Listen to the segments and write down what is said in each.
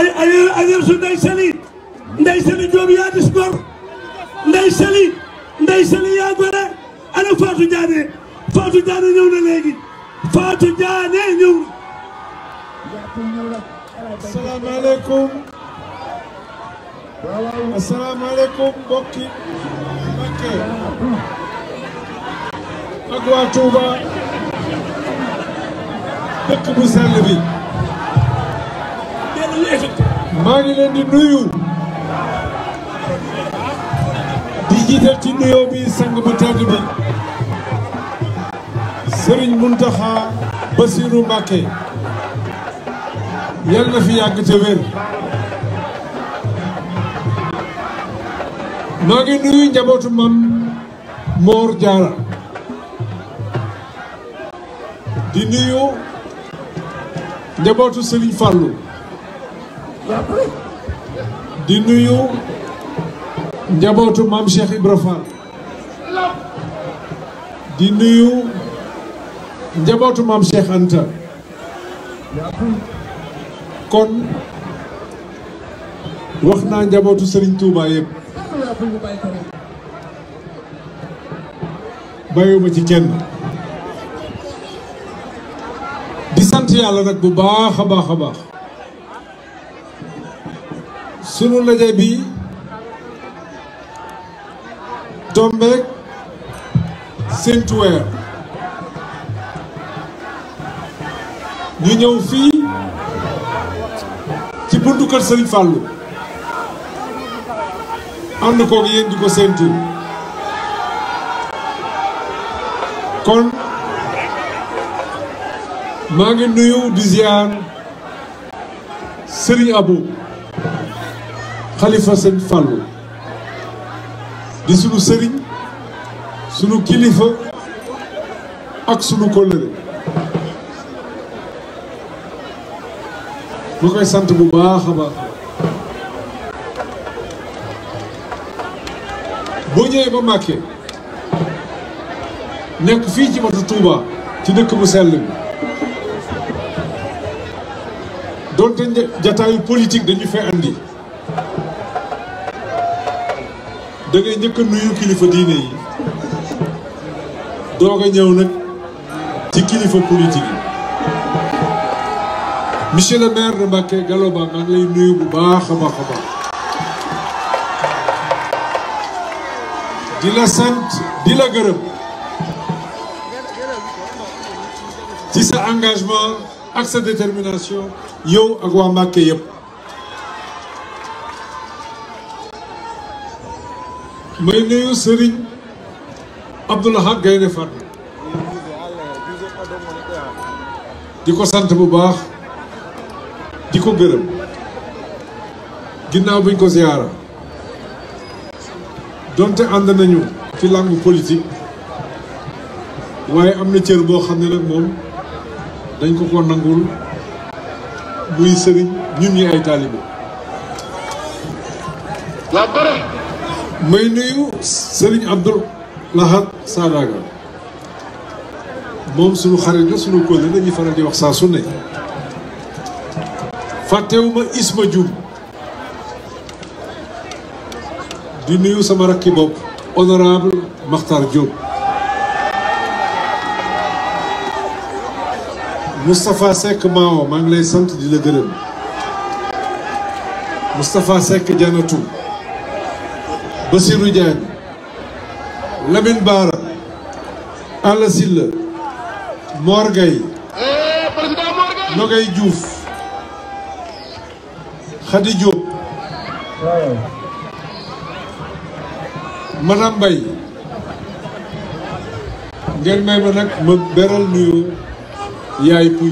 ay ay ay su Ndeye Saly Ndeye Saly Diop yaa dis gor Ndeye Saly Ndeye Saly yaa gore ana Fatou Diané Fatou Diané ñëw na léegi Fatou Diané ñëw na. asalaamaaleykum asalaamaaleykum mbokki Mbacké ak waa Touba dëkk bu sell bi. maa ngi leen di nuyu. di jiital ci nuyoo bi sang bu tedd bi. Serigne Mountakha Bassirou Mbacké. yal na fi yàgg te wér. maa ngi nuyu njabootu mam Mor di nuyu njabootu Serigne Fallou. di nuyu njabootu maam Cheikh Ibra di nuyu njabootu maam Cheikh Anta kon wax naa njabootu Serigne Touba yëpp bàyyiwuma ci kenn di sant yàlla nag bu baax a baax sunu ndaje bi tombeek séntu weer ñëw fii ci buntu kër Sëriñ Fàllu ànd koog yéen di ko séntu kon maa ngi nuyu di ziar Sëriñ xalifa sëñ Fallou di sunu sëriñ sunu kilifa ak sunu kóllëre ma koy sant bu baax a boo ñëwee ba Mbàkke nekk fii ci matu Touba ci dëkk bu sell bi doonte jataayu politique dañu fee andi da ngay njëkk nuyu kilifa diine yi doog a ñëw nag ci kilifa politique yi. le maire de Mbacké Gallo Ba maa nuyu bu baax a di la sant di la gërëm ci sa engagement ak sa détermination yow ak waa Mbacké yëpp may nuyu sëriñ Abdou Lahad Gaynde Fatma di ko sant bu baax di ko gërëm ginnaaw biñ ko ziyaara donte ànd nañu ci langue politique waaye am na cër boo xam ne nag moom dañ ko ko nangul muy sëriñ ñun ñi ay taalibe may nuyu Serigne Abdoul Lahad Sadaga moom suñu xarit la suñu kóol la dañuy faral di wax saa su ne fàttewuma Isma Dioum di nuyu sama rakki bopp honorable Makhtar Diop Moustapha Seck Mao maa ngi lay sant di la gërëm Moustapha Seck Dianatou Bassirou Diagne Lamine Bara Alla Sylla Mor Gueye eh, Nogay Diouf Khady Diop Madame ngeen may ma nag ma beral nuyu yaay puy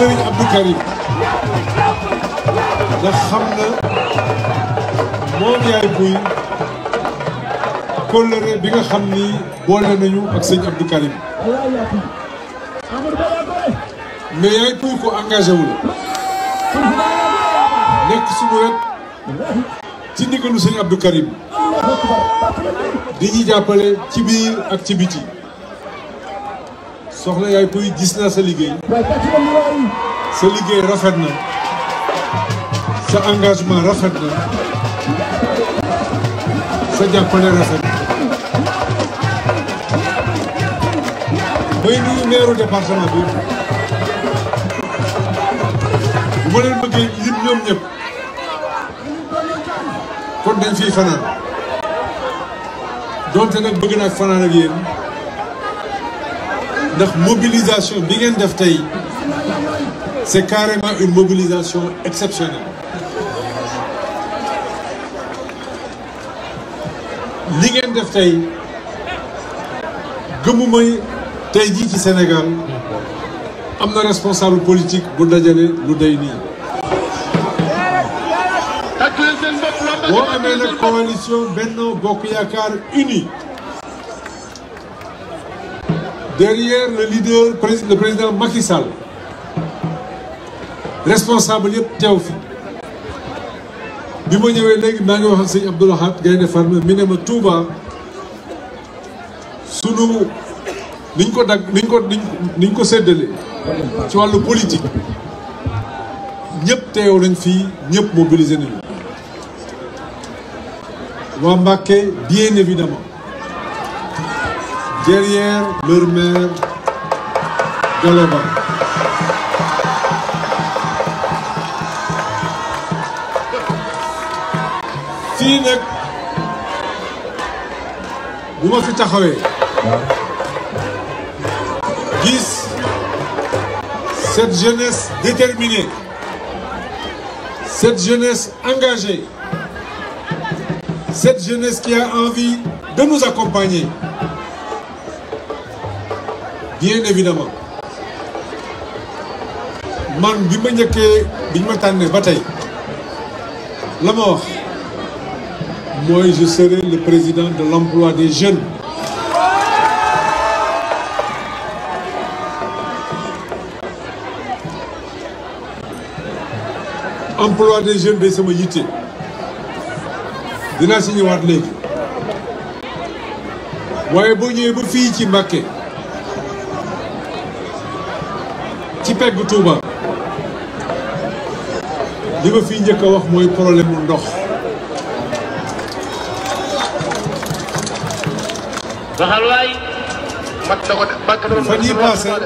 Serigne Abdou bi nga xam ni boole nañu ak sëñ Abdou Karim mais yaay buy ko engagé wu nekk suñu ci ndigalu sëñ Abdou Karim di ñuy jàppale ci biir ak ci biti soxna yaay buy gis naa sa liggéey. sa liggéey rafet na. sa engagement rafet na. sa jàppale rafet na. may nuyu meeru département bi. ma leen bëggee lim ñoom ñëpp. kon dañ fiy fanaan. donte nag bëgg naa fanaan ak ndax mobilisation bi ngeen def tey c'est carrément une mobilisation exceptionnelle li ngeen def tey gëmuma tey jii ci Sénégal am na responsable politique bu dajale lu day nii boo amee nag coalition Benno Bokk Yaakaar unie derrière le leader le président Macky Sall responsable yëpp teew fi bi ma ñëwee léegi maa ngi wax ak sëñ Abdou Lahad Gaynde Fatma mi ne ma Touba sunu niñ ko dag niñ ko niñ ko séddale ci wàllu politique ñëpp teew nañ fii ñëpp mobilisé nañu waa Mbacké bien derrière leur mère Galoba. fii nag bu ma fi taxawee gis cette jeunesse déterminée cette jeunesse engagée cette jeunesse qui a envie de nous accompagner bien évidemment man bi ma njëkkee biñ ma tànnee ba tey la ma mooy je serai le président de l'emploi des jeunes emploi jeunes day sama yitte dinaa si ñëwaat léegi waaye boo ñëwee ba fii ci Mbacké peggu Touba li ma fi njëkk a wax mooy problème mu ndox waxal waay fan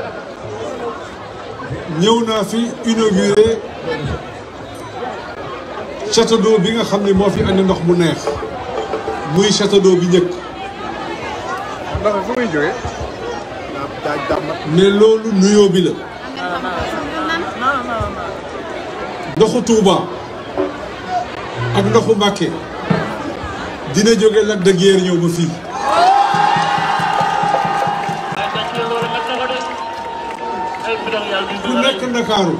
ñëw naa fi inauguré château d'eau bi nga xam ne moo fi andi ndox mu neex muy château d'eau bi njëkk mais loolu nuyoo la ndoxu Touba ak ndoxu Mbacké dina jóge Lac de Guiers ñëw ba fii ku nekk Ndakaaru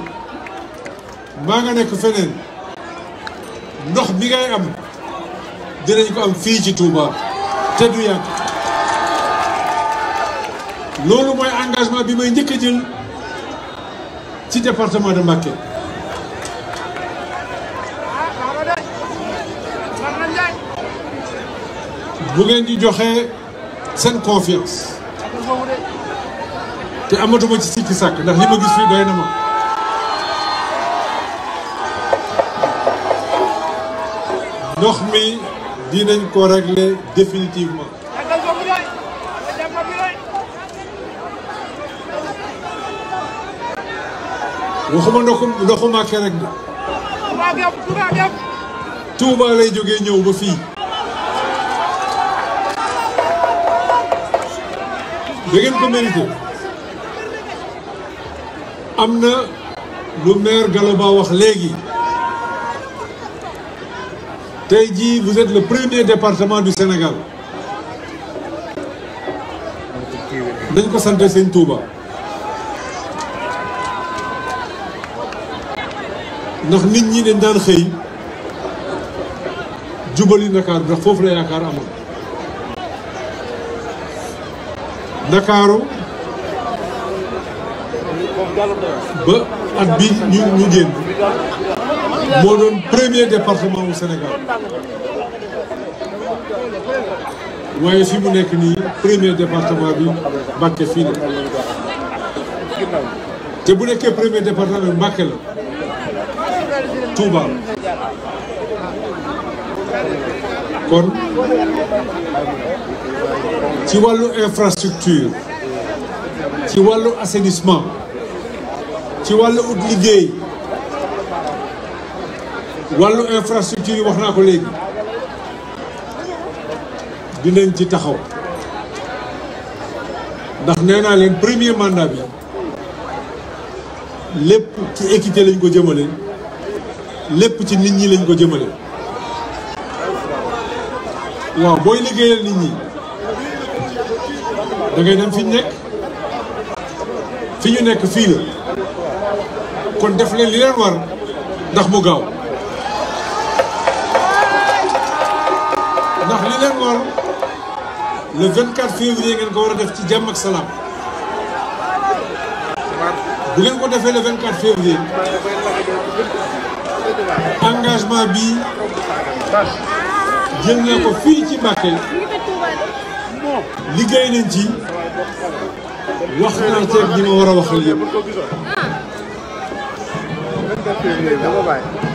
maa nga nekk feneen ndox bi ngay am dinañ ko am fii ci Touba te du loolu mooy engagement bi may njëkk a jël ci département de Mbacké bu ngeen ñu seen confiance te amatuma ci sikki sàkk ndax li ma gis fii doy na ma ndox mi dinañ ko régler définitivement waxuma ndoxu ndoxu Mbacké lay jógee ñëw ba fii da ngeen ko mérité am na lu maire Gallo Ba wax léegi tey jii vous êtes le premier département du Sénégal dañ ko sant sëñ Touba ndax nit ñi dañ daan xëy jubali Ndakaaru ndax foofu la yaakaar amoon Ndakaaru ba at bi ñu ñu génn moo doon premier département wu Sénégal waaye fi mu nekk nii premier département bi Mbàkke fii te bu nekkee premier département bi Mbàkke la Touba kon ci wàllu infrastructure ci wàllu assainissement ci wàllu ut liggéey wàllu infrastructure yi wax naa ko léegi dinañ ci taxaw ndax nee naa leen premier mandat bi lépp ci équité lañ ko jëmale lépp ci nit ñi lañ ko jëmale waaw booy liggéeyal nit ñi da ngay dem fi ñu nekk fi nekk fii kon def leen li leen war ndax mu gaaw ndax li leen war le 24 février ngeen ko war a def ci jàmm ak salaam bu ngeen ko defee le 24 février engagement bi jël ko fii ci Mbacké liggéey nañ ci wax naa ceeb ñi ma war a waxal yëpp